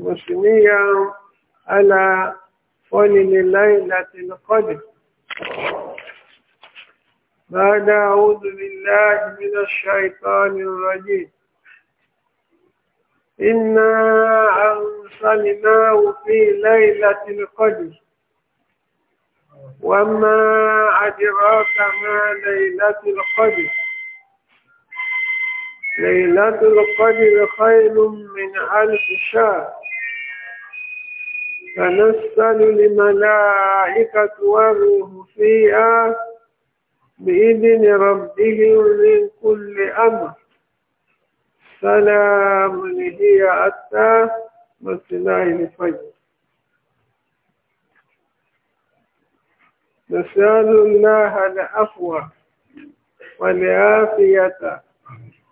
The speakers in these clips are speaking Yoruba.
وسميا على فضل الليلة القدر بعد أعوذ بالله من الشيطان الرجيم إنا أرسلناه في ليلة القدر وما أدراك ما ليلة القدر ليلة القدر خير من ألف شهر فنسأل الملائكة والروح فيها بإذن ربهم من كل أمر سلام هي أتى مطلع الفجر نسأل الله العفو والعافية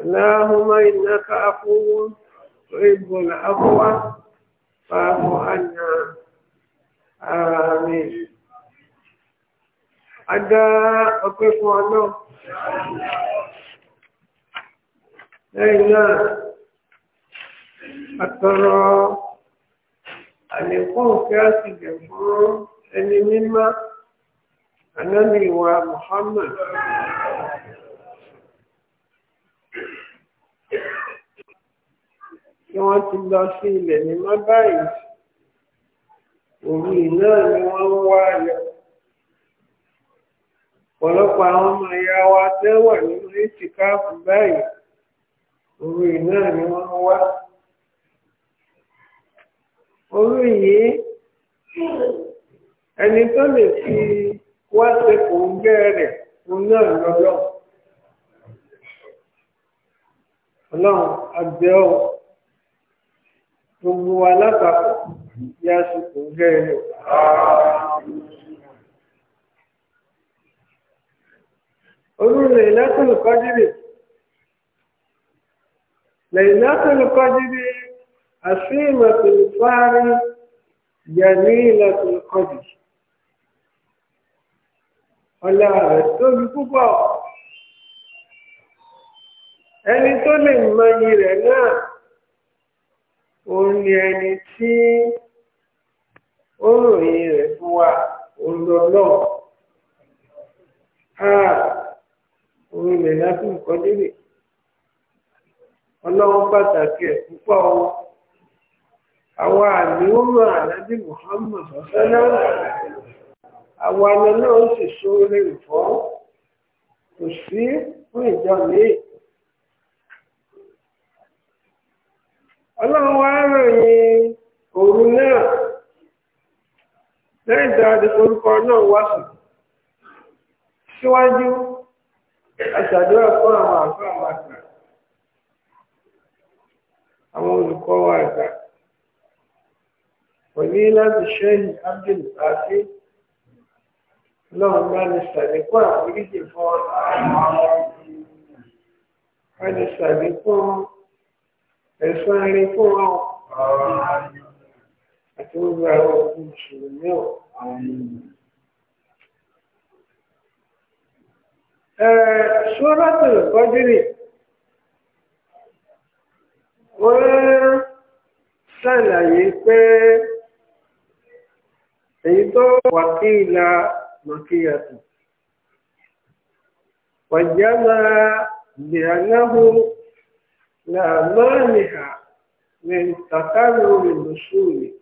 اللهم إنك عفو تحب العفو فاعف عنا آمين Adá ọpẹ́ fún ọlọ́. Lẹ́yìn náà, àtọrọ àlékún òfẹ́ àtìjẹ̀ fún ẹni wa Muhammad. kí wọ́n ti lọ sí ilẹ̀ mímọ́ báyìí òru náà ni wọ́n ń wá yọ. ọ̀pọ̀lọpọ̀ àwọn ọmọ ìyá wa tẹ́wà nínú ìtìkáàfù báyìí òru náà ni wọ́n ń wá. òru yìí ẹni tó lè fi wá ṣe kò ń bẹ̀rẹ̀ òun náà lọ́lọ́. ọlọ́run àbẹ́ ọ̀ gbogbo wa lápapọ̀ yá sùkò gẹ́rẹ́ olùrẹ̀ ìlẹ́tọ̀lù kọ́dìrì lẹ́yìnlẹ́tọ̀lù kọ́dìrì àṣìmọ̀tòlù fárí yẹ̀mí ìlẹ́tọ̀lù kọ́dìrì ọlá rẹ̀ tóbi púpọ̀ ẹni tó lè mọ rẹ̀ náà. òun ni tí ó rẹ̀ fún wa òun lọ́lọ́ òun ilẹ̀ ọlọ́run pàtàkì ẹ̀ púpọ̀ wọn àwọn àmì òun ànábì Muhammad na àwọn àmì náà sì sóore ìfọ́ kò sí fún ìjọ míì. ọlọ́run wá ròyìn òru náà lẹ́yìn tí a ti forúkọ náà wá sùn síwájú aṣàdúrà fún àwọn àfáà wa àwọn olùkọ́ wa àgbà òní láti ṣẹ́yìn abdul àti ọlọ́run bá ní sàlékún àforíjì fún ọ bá ní sàlékún. ẹ̀sán rí fún wa ọ̀ àti gbogbo àwọn òkú mùsùlùmí ọ̀. Suratul Qadri wọ́n ṣàlàyé pé èyí tó wà kí ìlà màkíyàtọ̀ wàjá máa bìrànáhùn. na من تطلع الوصول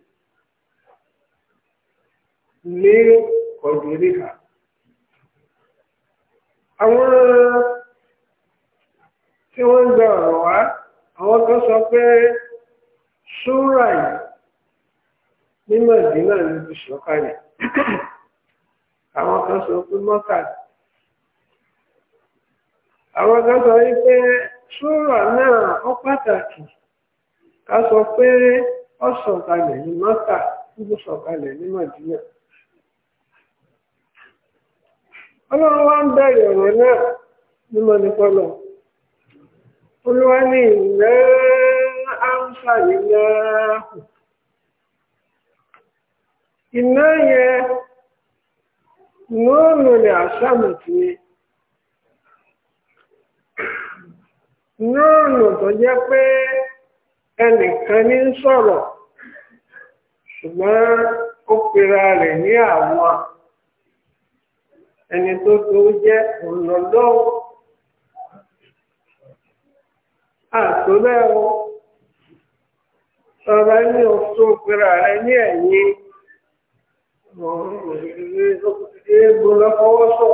لقدرها àwọn tí wọ́n gba ọ̀rọ̀ àwọn kan sọ pé ṣúra yìí ní Mẹ̀dínà ló ti àwọn kan sọ pé àwọn kan sọ súrà náà ọ pàtàkì ká sọ pé ọ sọ̀kalẹ̀ ní mọ́tà níbi sọ̀kalẹ̀ ní mọ̀dínà. ọlọ́run wá ń bẹ̀rẹ̀ ọ̀rọ̀ náà ní mọ̀nìkọ́lọ̀ olúwa ní ìlẹ́ áńsàlì náà iná yẹn nùnú ni lọ́ọ̀nù tó jẹ́ pé ẹnìkan ní ń sọ̀rọ̀ ṣùgbọ́n ó pera rẹ̀ ní àwọn ẹni tó tó jẹ́ òǹlọ́lọ́wọ́ àtúnlẹ́wọ́ ọba ní ọ̀tún pera rẹ̀ ní ẹ̀yìn egbò lọ́fọwọ́sọ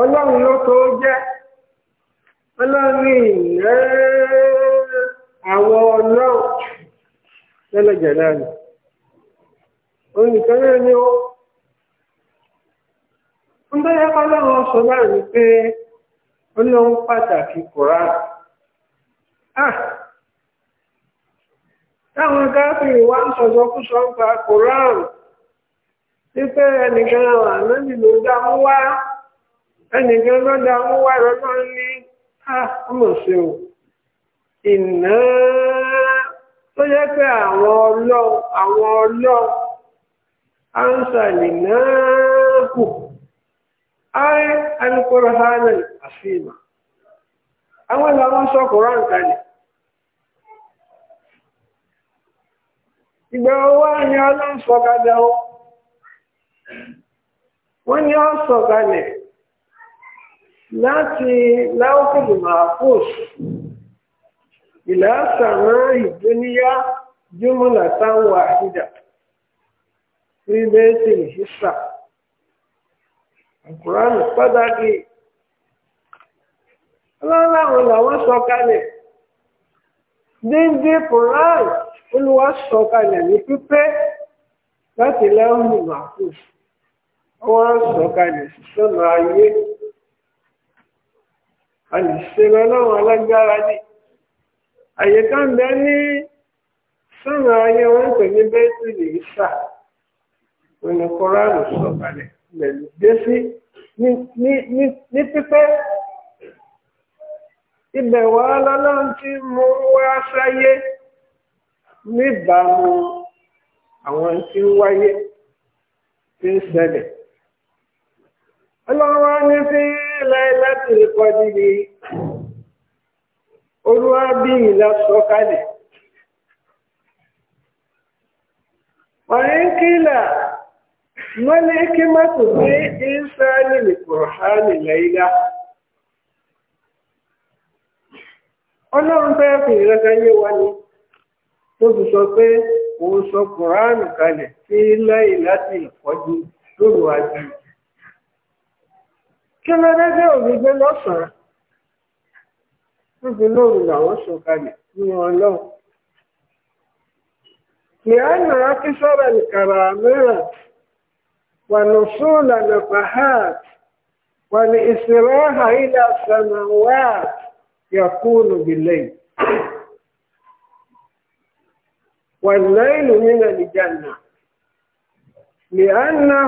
ọlọ́run ló tó jẹ́. ọlọ́run àwọn ọlọ́run lẹ́lẹ́jẹ̀ náà ni olùkọ́ ni ó ń bẹ́rẹ̀ ọlọ́run sọ náà ni pé ọlọ́run pàtàkì kọ̀rá ah! táwọn gáfìrì wá ń sọ̀sọ́ fún sọ́ńpa koran wípé ẹnìkan àwọn ànábì ló dá mú wá ẹnìkan ló dá mú wá ọmọ ṣe tó yẹ pé àwọn ọlọ́ àwọn ọlọ́ ánsà lè náà kù ayé alukoro hánà àfihàn àwọn ìlànà sọkùnrin àǹkalẹ̀ ìgbà owó àyàn aláǹsọ̀kalẹ̀ o wọ́n ní láti láwùjọ mahfuz ìlà sàmà ìdúníyà jùmọ̀lá táwọn àhídà ríbẹ́ẹ̀tì ìṣísà àkùránù pàtàkì ọlọ́láwọn làwọn sọ̀kalẹ̀ díndín kùránù olúwa sọ̀kalẹ̀ ní pípé láti láwùjọ mahfuz wọ́n sọ̀kalẹ̀ sọ́nà ayé. àlìṣeré alágbára ní àyíká ń ní sọ́nà ayé pè ní bẹ́tìlì ìsà òní kọ́ránù sọ̀kalẹ̀ lẹ́nu dé sí ní pípẹ́ ibẹ̀ wá lọ́lọ́run tí mo wá sáyé àwọn tí wáyé láìláìláì kọ́ nílé olúwa bí ìlà sọ̀kalẹ̀. Wàyín kílà mọ́lẹ̀ kí má tò sí ìsáàlì ní Kùrọ̀hánì láìlá. Ọlọ́run fẹ́ fi ìrẹ́ta yé wa ni, tó fi sọ pé òun sọ Kùrọ̀hánì kalẹ̀ sí láìláì kọjú lóru àjùmọ̀ kí ló dé dé òní gbé lọ́sàn-án níbi lóru làwọn sọ̀kalẹ̀ ní wọn lọ́wọ́. لأن أكثر الكرامات ونصول النفحات والإسراح إلى السماوات يكون بالليل والليل من الجنة لأنه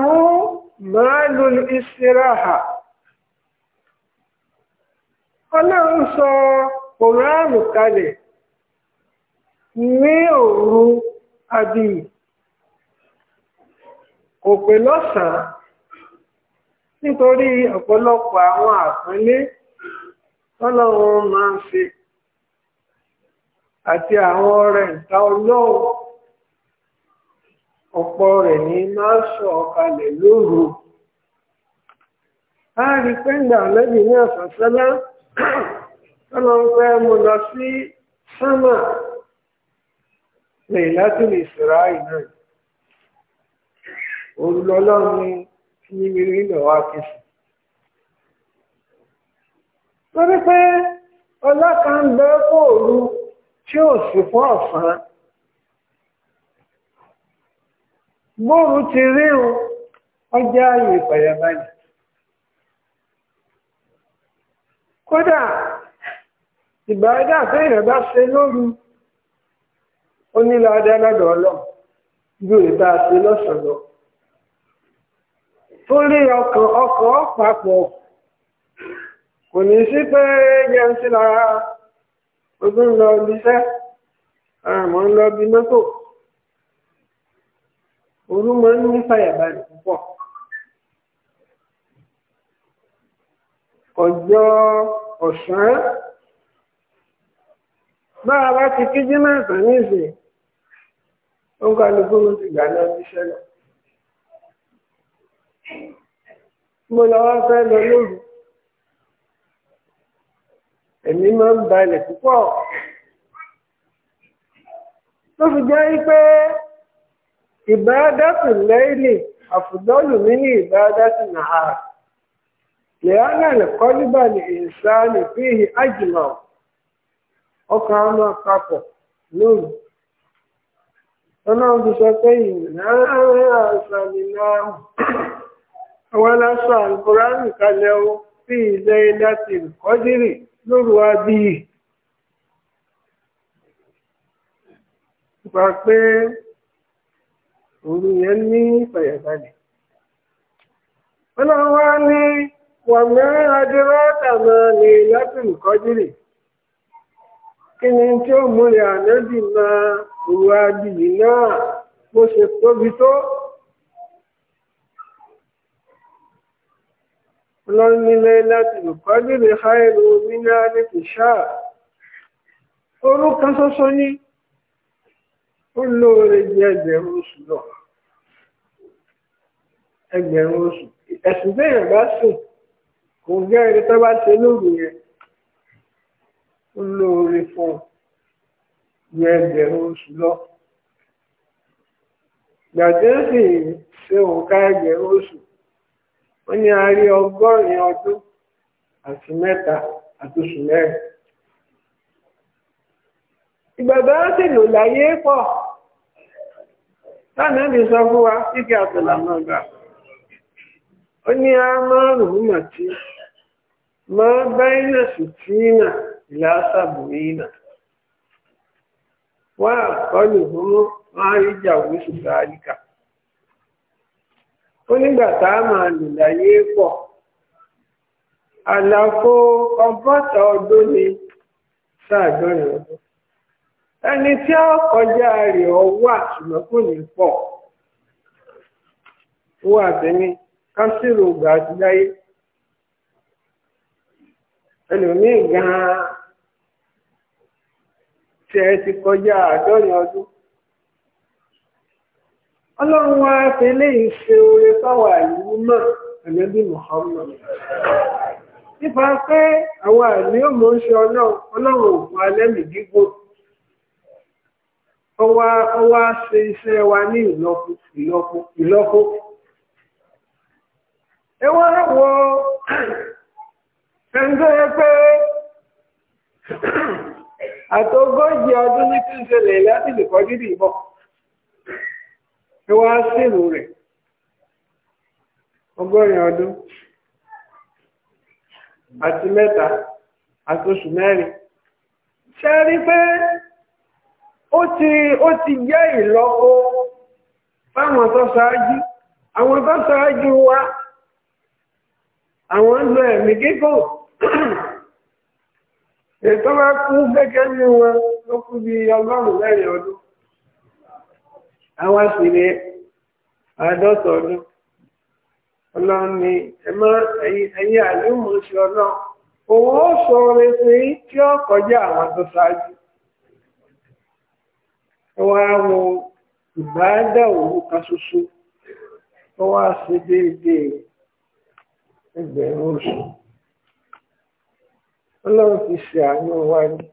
مال الاستراحة ọlọ́run sọ kòránù kalẹ̀ ní òru àbí kò pé lọ́sàn-án nítorí ọ̀pọ̀lọpọ̀ àwọn àpọ́nlé tọ́lọ́run máa ń ṣe àti àwọn ọrẹ ìta ọlọ́run ọ̀pọ̀ rẹ̀ ní máa sọ ọ̀kalẹ̀ lóru. a rí pẹ́ńdà lẹ́bí ní àṣàṣẹ́lá ọlọ́run fẹ́ mo lọ sí sánmà lẹ́yìn láti lè sọ̀rọ̀ àyè náà olùlọ́lọ́run ni kí ní mírí lọ wá kẹsì. lórí pé ọlá kan ń bẹ tí ò sì fún ọ̀sán. bóòrù ti rí o ìpàyàbáyà. kódà ìbáradà téèyàn bá ṣe lóru ó nílò adálájọ ọlọ́run ju ìta ṣe lọ́sọ̀lọ́ torí ọkàn ọkọ̀ papọ̀ kò ní sí pé yẹn sí lára ogun lọ ibiṣẹ́ àmọ́ ń lọ bí mọ́tò orú ń ní fàyàbalẹ̀ púpọ̀. ọjọ́ ọ̀sán bá a bá ti kíjí náà tán nísìn ó ń kálukú ló ti gbà náà níṣẹ́ lọ. mo lọ wá fẹ́ lọ lóru ẹ̀mí máa ń balẹ̀ púpọ̀ tó fi jẹ́ pé ìbáradá lẹ́yìn àfùdọ́lù mi ní ìbáradá tù lẹ́yìn àlẹ́kọ́líbà ní ìsáàlì fíhì àjùmọ̀ ọkàn ọmọ papọ̀ lóru ọlọ́run ti sọ pé ìrìnàárín àṣàlìlá àwọn aláṣọ àlùkùránì kalẹ̀ o sí ilẹ̀ láti ìkọ́dírì lóru abíyì gbà pé òru yẹn ní ìfàyàbalẹ̀ ọlọ́run wá ní. wàmí adúrọ́tà máa lè látùn kọ́jírì kí ni tí ó múlẹ̀ ànábì máa òwò adìyí náà bó ṣe tóbi tó lọ́nílé látùn kọ́jírì háìrù mínà lẹ́kì ṣáà orú ṣoṣo ní ó lóore jẹ́ ẹgbẹ̀rún oṣù lọ ẹgbẹ̀rún oṣù ẹ̀sùn bẹ́ẹ̀ bá sùn kò gẹ́rẹ́ tó bá ṣe lóru yẹn ó lóore fún un ju ẹgbẹ̀rún oṣù lọ. Gbàdé sì ṣe òǹkà ẹgbẹ̀rún oṣù. Wọ́n ní a rí ọgọ́rin ọdún àti mẹ́ta àti oṣù mẹ́rin. Ìgbàgbọ́ sì lò láyé pọ̀. Táàmì mi sọ fún wa kíkẹ́ àtọ̀là náà gbà. Ó ní a máa rùn mọ̀ tí. ما بين ستين إلى سبعين وأقلهم ما يجاوز ذلك onígbà tá a máa lò láyé pọ̀ àlàfo ọbọta ọdún ni sáàdọ́rin ọdún ẹni tí ó kọjá rẹ̀ ọ wà kò ní pọ wọ́n àtẹ́ni kásìrò ògbà ẹlòmíì gan-an tí ẹ ti kọjá àádọ́rin ọdún ọlọ́run wa fi léyìí ṣe oore fáwọn àìlú náà ẹ̀lẹ́bí Muhammad nípa pé àwọn àìlú yóò mọ̀ ń ṣe ọlọ́run òkú alẹ́mì gígùn ọwá a ṣe iṣẹ́ wa ní ìlọ́kù ìlọ́kù wọ ẹni tó yẹ ọdún ní kí n ṣẹlẹ̀ láti lè kọjú dì bọ̀ ẹ sílù rẹ̀ ọgọ́rin ọdún àti mẹ́ta àti oṣù mẹ́rin ṣe rí pé ó ti jẹ́ fáwọn tó ṣáájú àwọn tó ṣáájú àwọn ń ẹ̀mí gígùn. ètò bá kú gẹ́gẹ́ ní wọn ló kú bí ọgọ́rùn-ún mẹ́rin ọdún àwọn àṣìlẹ̀ àádọ́ta ọdún ọlọ́run ni ẹ̀mọ́ ẹ̀yìn òun ó sọ orin sí tí ó kọjá àwọn tó ṣáájú ọwọ́ àwọn ìbáàdà kan ṣoṣo ọwọ́ àṣìdéédéé ẹgbẹ̀rún oṣù. ọlọ́run ti ṣe àánú wa ni.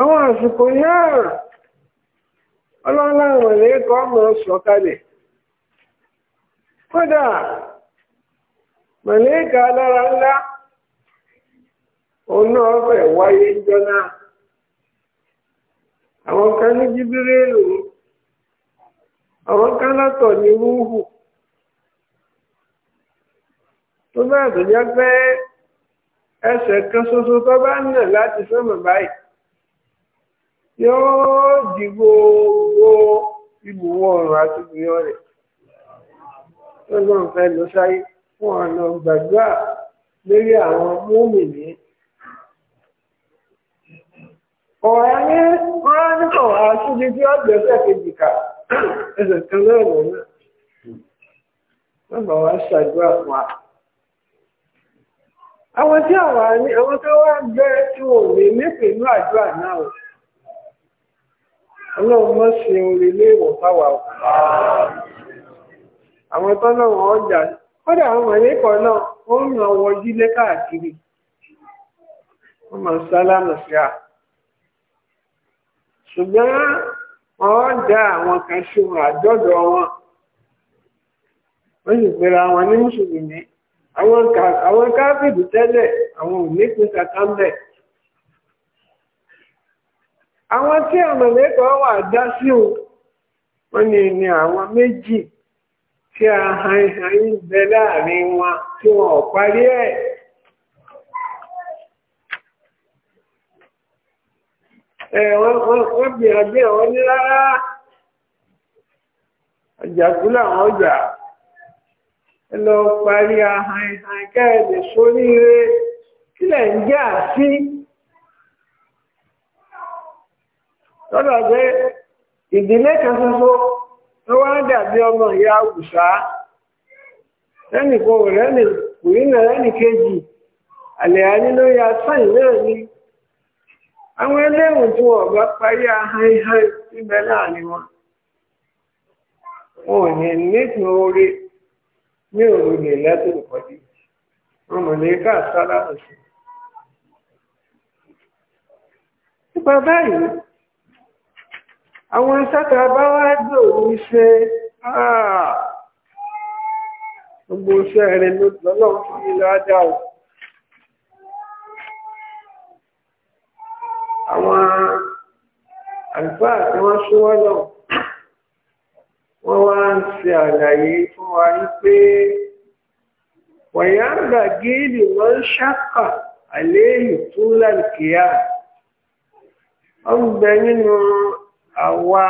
àwọn àsìkò náà ọlọ́run láwọn ẹ̀lẹ́kọ̀ ọmọ sọ̀kalẹ̀ kódà màlẹ́kà alára ńlá òun náà fẹ́ wáyé ńjọ́ ka àwọn kan ní jíbírẹ́lù àwọn kan látọ̀ ní rúhù. tó náà tó jẹ́ pé ẹsẹ̀ kan ṣoṣo tó bá ń nà láti sọ́mọ̀ báyìí yóò di gbogbo ibùwọ̀ ọ̀run àti ìgbìyàn rẹ̀ lọ́gbọ́n fẹ́ lọ sáyé fún ọ̀nà gbàgbà lórí àwọn mọ́mìnì ọ̀rọ̀ ní ọ̀rọ̀ ní kọ̀wà síbi tí ó gbẹ̀ẹ́sẹ̀ kejì ká ẹsẹ̀ kan náà náà wọ́n wá ṣàdúrà fún wa. àwọn tí àwọn àní àwọn tó wá gbẹ́ tí wọn nípìn náà o ọlọ́run mọ́ ṣe orin ilé ìwọ̀n fáwa o àwọn tọ́nà wọn ọjà kódà àwọn ọrụ náà wọ́n ń ràn jílé káàkiri wọ́n máa ń sálámù sí a ṣùgbọ́n wọ́n àwọn kan ṣe wọn àjọ́dọ̀ wọn wọ́n sì pera wọn ní mùsùlùmí. àwọn káfíìdì tẹ́lẹ̀ àwọn òníkun kàkà àwọn tí àmọ̀lẹ́kọ̀ wà dá sí o wọ́n ni ni àwọn méjì tí a hàn ń bẹ láàrin wọn tí wọn ò parí ẹ̀. ẹ wọ́n bí àgbẹ̀ àwọn ní rárá àjàkú làwọn jà. lọ parí ahàn àìkẹ́ ẹ̀lẹ̀ sóríire kílẹ̀ ń jẹ́ àsí lọ́dọ̀ pé ìdílé kan ṣoṣo tó wá ń dàbí ọmọ ìyá ògùsá lẹ́nìkan rẹ́nì kùrínà lẹ́nì kejì àlẹ́ àní lórí náà ni àwọn tí wọ́n bá parí ahàn ìhàn láàrin wọn ní òru lè lẹ́tò ìkọ́jú wọn mọ̀ ní ká sára òsì. nípa báyìí àwọn sátà bá wá gbòòrò ṣe gbogbo iṣẹ́ rẹ̀ lọ́lọ́run fún mi lọ́dá o. àwọn àlùfáà tí wọ́n súnwọ́ lọ́wọ́ wọ́n wá ń ṣe àlàyé fún wa wípé wọ̀nyáǹgà gíìlì wọ́n ṣàkà àléèyàn tó lálùkìyà wọ́n bẹ nínú àwa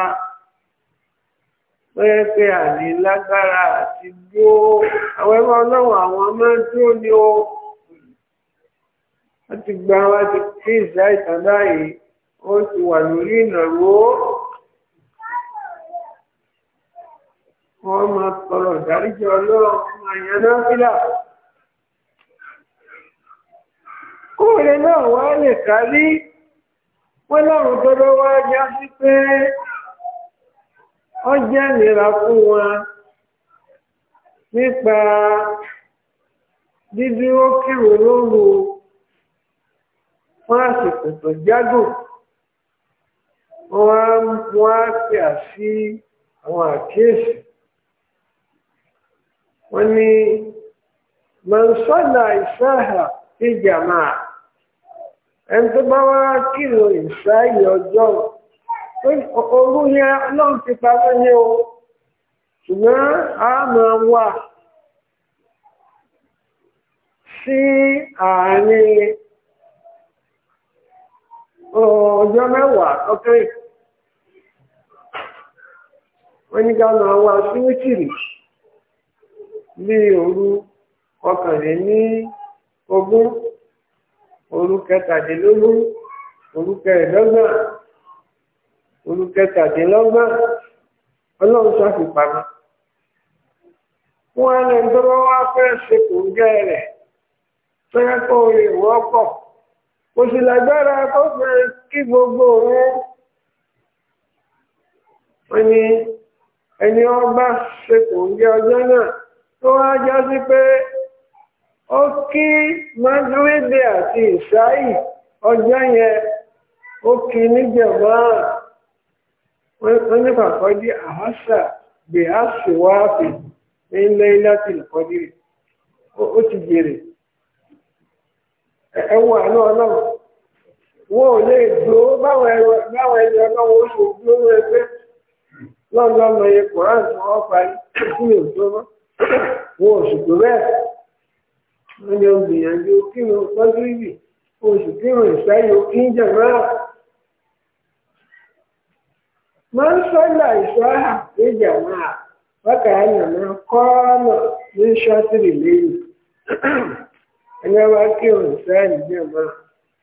tó yẹ àti dúó àwọn ẹgbẹ́ ọlọ́run àwọn máa dúró ní o wọ́n ti gba wá ti kí ìsáìtàn báyìí ó ti wà lórí ìnàró. wọ́n máa tọrọ ìdáríjì ọlọ́run máa yan náà fílà. kóòrè náà wá lè kárí wọ́n láwọn tó ló wá já sí pé ó jẹ́ ìnira fún wọn nípa dídúró kírun lóru fún àsìkò tó jágùn wọ́n á fi àsí àwọn àkíyèsí wọ́n ní mọ̀nsọ́là ìṣáhà ti jàmá ẹni tó bá wá kírun ìṣáyè ọjọ́ orú ti o ṣùgbọ́n a máa wà sí àárín ọjọ́ mẹ́wàá wọ́n ní ká máa bíi òru kọkànléní ogún òru kẹtàdínlógún òru kẹẹ̀ẹ́dọ́gbọ̀n òru kẹtàdínlọ́gbọ̀n ọlọ́run ṣàfipamọ́ wọn lè dọ́wọ́ wá fẹ́ ṣe kò ń gẹ́ rẹ̀ fẹ́ kó lè wọ́pọ̀ kò sì lágbára kó fẹ́ kí gbogbo òun wọn ni ẹni ọba ṣe kò ń gẹ́ ọjọ́ náà. tó wá já sí pé ó àti ìsáì ọjọ́ yẹn ó kí wọ́n ní a sì wá fi ní ilé láti ìkọ́jú o ti jèrè ẹwọ àná ọlọ́run le ò lè dúró báwọn ẹni ọlọ́run ó ṣe ẹgbẹ́ wọn oṣù tó bẹ́ẹ̀ wọ́n ní ògbìyànjú kírun pọ́ńtírìbì oṣù kírun ìṣẹ́yìn òkín jẹ̀mọ́. máa ń sọ́là ìṣọ́hà ha jẹ̀mọ́ bákà àyànmọ́ kọ́ọ̀nà ní ṣọ́tìrì lẹ́yìn ẹni wá kírun ìṣẹ́yìn jẹ̀mọ́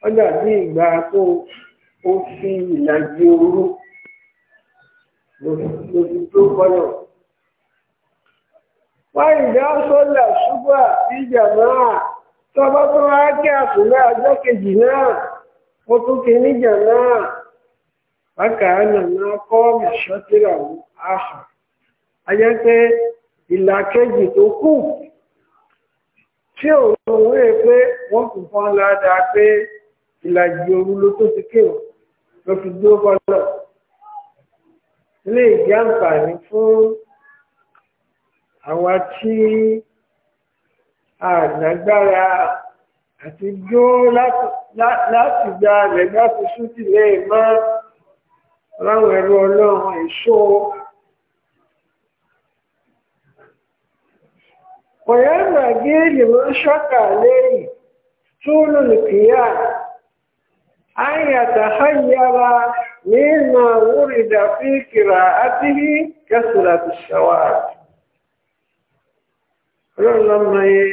ó dàbí ìgbà tó ó fi ìlàjì ooru tó wáyé ìjà sọ́là ṣúgbà sí jàmáà tọ́bọ́ tó wá kí àsùnlẹ̀ ọjọ́ kejì náà ó tún kí ní jàmáà bákàá nàná kọ́ mẹ́ṣọ́tìrà àhà a jẹ́ pé ìlà kejì tó kù tí òun wéé pé wọ́n kò fọ́n ládàá pé ìlàjì òru ló tó ti kéwọ̀n ló fi dúró bọ́lọ̀ ilé ìjà àǹfààní fún àwa tí àgbàgbára àti dó láti gba rẹ̀gbá tuntun ti lè mọ́ ráwọn ẹ̀rọ ọlọ́run èso ọ̀yẹ́mà gíìlì mọ́ ṣọ́kà lẹ́yìn tó ayàtà nínú àti ọlọ́run lọ mọ ẹ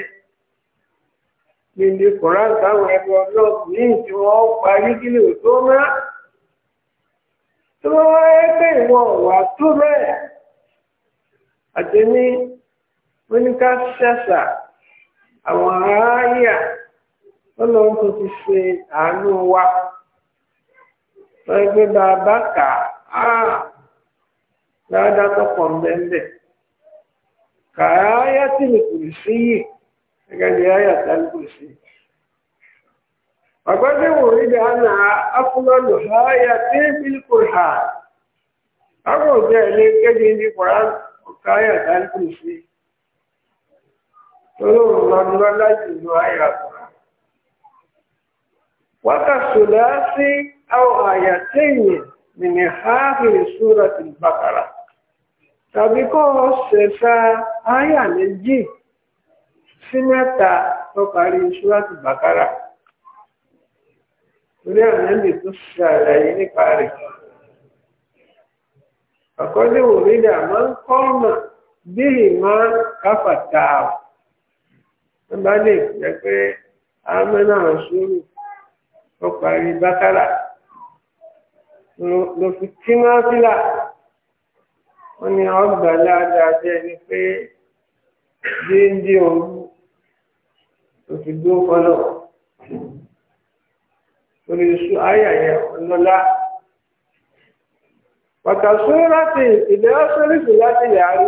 gbèndé koran táwọn ẹbí ọlọ́run ní tí wọ́n parí kí tó má tó wáyé pé ìwọ wà tó bẹ́ẹ̀ àtẹ̀mí oníká ṣẹ̀ṣà àwọn aráyà ọlọ́run tó ti ṣe àánú wa wọ́n bàbá kà á dáadáa tó kàáyá tí mi kò sí yìí gẹ́gẹ́ bí ayà tàbí kò sí. Àgbẹ́sẹ̀ wò rí bí àná afúnlọ́lù ayà tí bílí kò hà. Àwọn òjò ẹ̀lẹ́ kéde ní Quran ọ̀ka ayà tàbí kò sí. Tolóhùn máa ń lọ láti ìlú ayà Quran. Wákàtí láti àwọn àyà tẹ̀yìn nìyẹn háàfin ìṣúra ti bàkàrà tàbí kó o ṣẹ̀ṣà áyà méjì sí mẹ́ta tó parí ṣúláàtì bàkárà torí ànábì tó ṣàlàyé nípa rẹ̀ àkọ́lé òrídà máa ń kọ́ ọ̀nà bí ìmọ̀ káfàtà ọ̀ bá lè jẹ́ pé àmẹ́nà sùúrù tó parí bàkárà ló fi kí máa fílà ó ní ọgbà ládàá jẹ́ ni pé díndín òru tó fi dúró fọlọ́ orí iṣu ayàyẹ ọlọ́lá pàtàkì láti ìdẹ́ ọ́sọ́lẹ́sì láti yàrá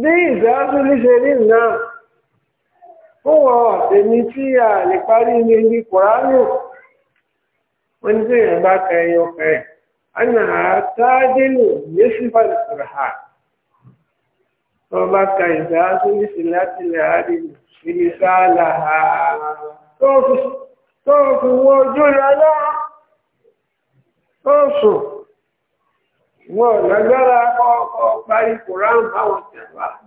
bí ìdẹ́ ọ́sọ́lẹ́sì rí náà fún wọn èmi tí a lè parí ní ibi kòránù wọ́n ní tí èèyàn bá kẹyọ kẹyọ. أنها تعدل نصف القرآن وما كان ذات مثلات في مثالها tóòfù wo ojú rẹ lọ tóòfù wọn lágbára kọ́ọ̀kọ́ parí koran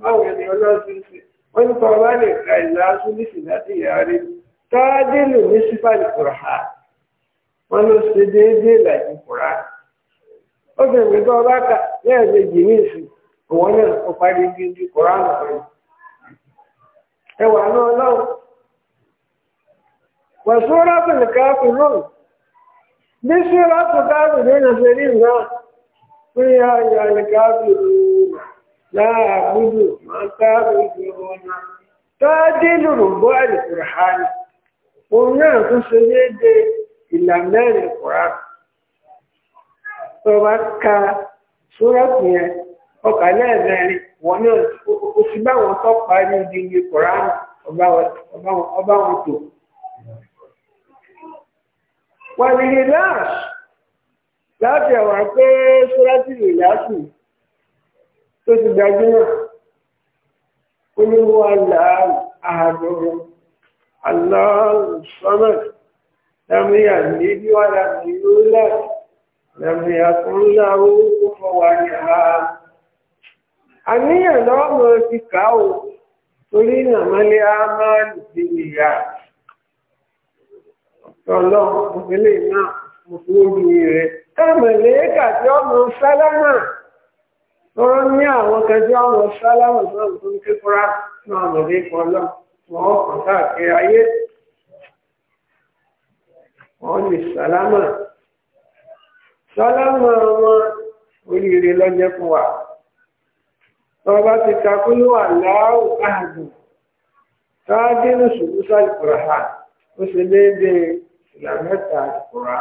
báwọn ẹni ọlọ́síṣẹ́ wọ́n ní kọ́ bá lè ka ìlà asúlìsì láti yàrí táádìlù ní sípàlì koran wọ́n ló ṣe déédéé làjì koran oge mgbe ndị e ọba aka e ya eze ji n'isi ụwa onye nke ndị ndị kụrụ anụ pere ẹwà náà lọ́wọ́ wàsó rábìnì káàkiri rome bí sí rábìnì káàkiri ní na náà fún ya ìyàlẹ̀ káàkiri láàbùdù máa káàkiri ọ̀nà tọ́jú lùrù bọ́ àlùkùrù hàn òun dị tún ṣe tó bá ka sórẹ́pù yẹn ọkà lẹ́ẹ̀mẹrin wọn ní oṣù báwọn tó parí ìdíje kọ̀ránù ọba wọn tó. wàlìhì láàṣ láti ẹ̀wà pé sórẹ́pù yìí láṣù tó ti gbajúmọ̀ olówó aláàrù àádọ́rùn aláàrù sọ́nà lámúyà níbi wàlà nílùú láti lẹ́mí ẹkùn láwó kó fọwà ní àá àníyàn lọ́mọ ti kà ó torí nàmọ́lé á máa lù sí ìyá ọ̀tọ̀lọ́ òfìlẹ̀ náà mo fi ojú rẹ̀ káàmẹ̀lẹ́kà tí ọmọ sálámà tọ́rọ ní àwọn kan tí ọmọ sálámà náà tó ń ké fúra náà mọ̀lẹ́kọ̀ lọ wọ́n kàn káàkiri ayé wọ́n lè sálámà. sọlọ́mọ wọn oríire lọ́jẹ́ fún wa ọba ti kakúlú àláwò ààbò sáájínú ṣùgbúsá ìkùràhà ó ṣe léde ìlàmẹ́ta ìkùrà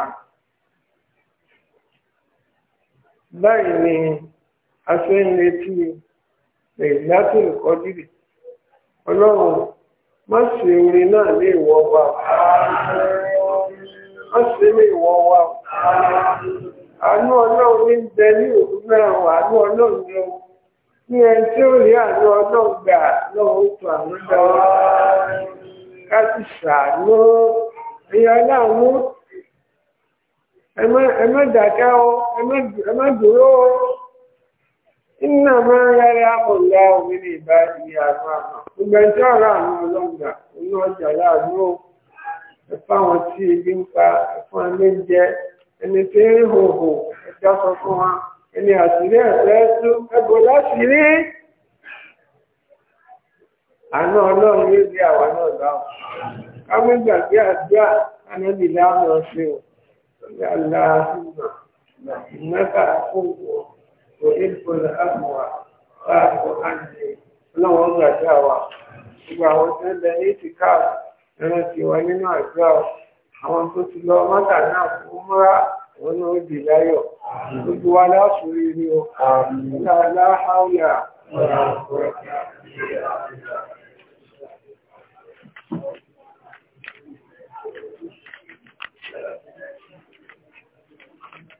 báyìí ni aṣẹ́yìnretí ìgbàtí ìkọjúrì ọlọ́run má ṣe orin náà ní ìwọ wa má ṣe ní ìwọ wa. àánú ọlọ́run ní bẹ ní òwúrọ̀ àwọn àánú ọlọ́run lọ ní ẹni tí ó rí àánú ọlọ́run gbà lọ́wọ́ tó àwọn dáwọ́ ká ṣàánú ẹ̀yà ọ ẹ má ọ iná máa ń yára àmọ̀lá omi ní àánú àmọ́ àánú ẹni tí ń hòhò ẹjọ́ sọ fún wa ẹni àṣírí ẹ̀fẹ́ tú ẹgbò láṣírí àná ọlọ́run yóò di àwa náà dáhùn káwé gbàgbé àdúrà anábì láàmú ṣe o lórí aláàfíà mẹ́ta àkókò kò éèkó láàmúwa láàbò àǹtí ọlọ́run gbàgbé àwa gbogbo àwọn tẹ́lẹ̀ ètìkáà ẹran tiwa nínú àdúrà àwọn tó ti lọ mọ́tà náà fún múra òun ló dì láyọ̀ gbogbo wa láṣùúrí ni ó ní aláhàwíà